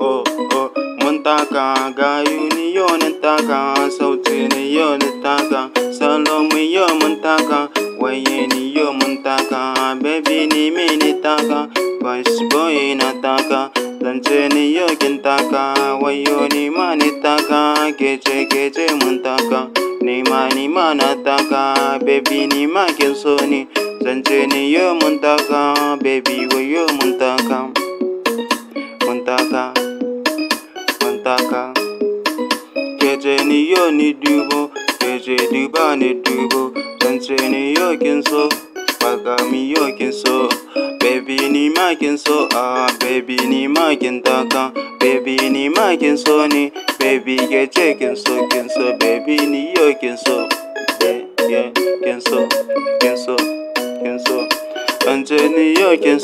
oh oh mun taka ga unionin taka sauti ne yo ni taka salo mu yo mun taka waye ni yo mun taka baby ni me ni taka boys boy na taka zance ni yo kin taka wayo ni ma ni taka gece gece mun taka ni ma ni ma na taka baby ni ma kin so ni zance ni yo mun taka baby wayo mun taka taka Kece ni yo ni dubo Kece duba ni dubo Zance ni yo kinso, so mi yo kin Baby ni ma kinso ah Baby ni ma kin Baby ni ma kin ni Baby kece kin kinso kin Baby ni yo kinso, so Yeah, yeah, kinso, so, kinso, so, ni yo kin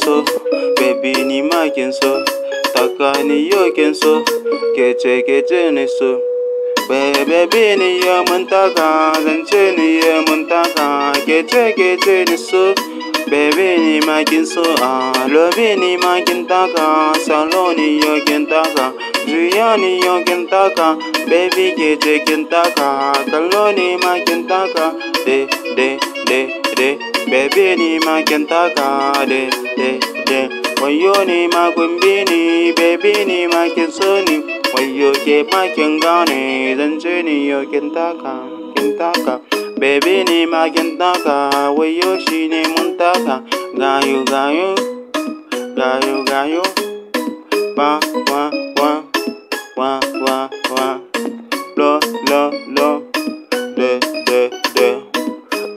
Baby ni ma kinso. tsakani ni kin so kece kece ni so bebe bi ni ya muntaka taka zance ni ya muntaka kece kece ni so bebe ni ma so a lobe ni ma taka salo ni ya taka juya ni ya taka baby kece kin taka kallo ni ma taka de de de de bebe ni ma kin taka de de wayo ni ma kumbini baby ni ma kinsuni wayo ke ma kingani zanzu ni yo ta kintaka baby ni ma kintaka wayo shi ni muntaka gayo gayo gayo gayo ba wa wa wa wa wa lo lo lo de de de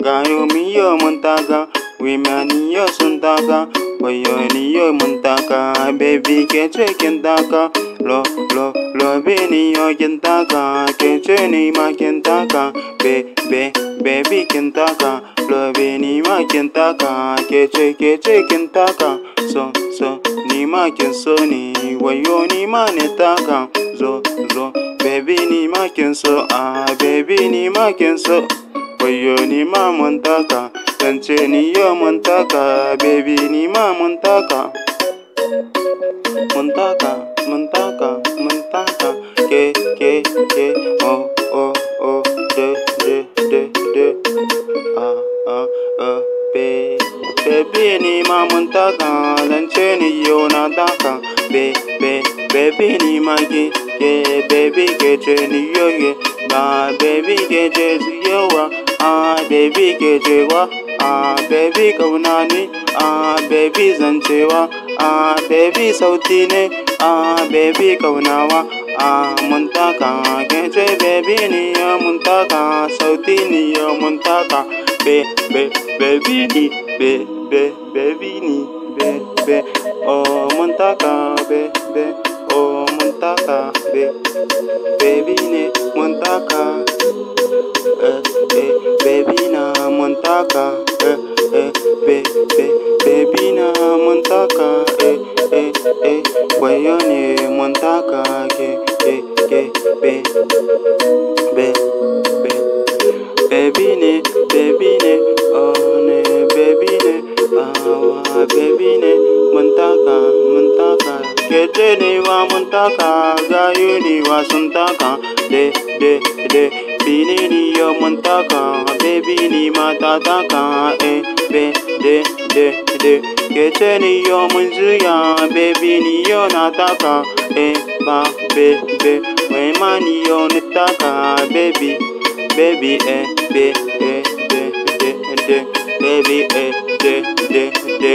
gayo mi yo muntaka wimani yo suntaka Oyo ni mun muntaka Baby ke ce kin taka Lo lo lo be ni kin taka Ke ce ni ma kin taka Be be baby kin taka Lo be ni ma kin taka Ke ce ke ce kin taka So so ni ma kin so ni Wayo ni ma ne taka Zo zo baby ni ma kin so Ah baby ni ma kin so Wayo ni ma muntaka. zance ni yau mun baby ni ma mun taka mun taka mun taka ke ke ke oh oh oh de de de de ah ah ah be baby ni ma mun taka zance ni yau na taka be be baby ni ma ke ke baby ke ce ni yau ye ba baby ke ce yawa ah baby ke ce wa ah baby kauna ah baby zancewa ah baby sauti ne ah baby kaunawa ah muntaka kece baby ni ya muntaka sauti ni ya muntaka be be baby ni be be baby ni be be oh muntaka be be oh muntaka be baby ne muntaka yone mwantaka ke ke ke be be be baby ne baby ne oh ne baby ne awa baby ne mwantaka mwantaka kete ne wa mwantaka ga yone suntaka de de de bini ni yo mwantaka baby ni matataka eh be de de de Yote niyo mzuri baby niyo nataka eh ba bebe wema niyo nataka baby baby eh be eh de de de baby eh de de de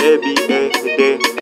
baby eh de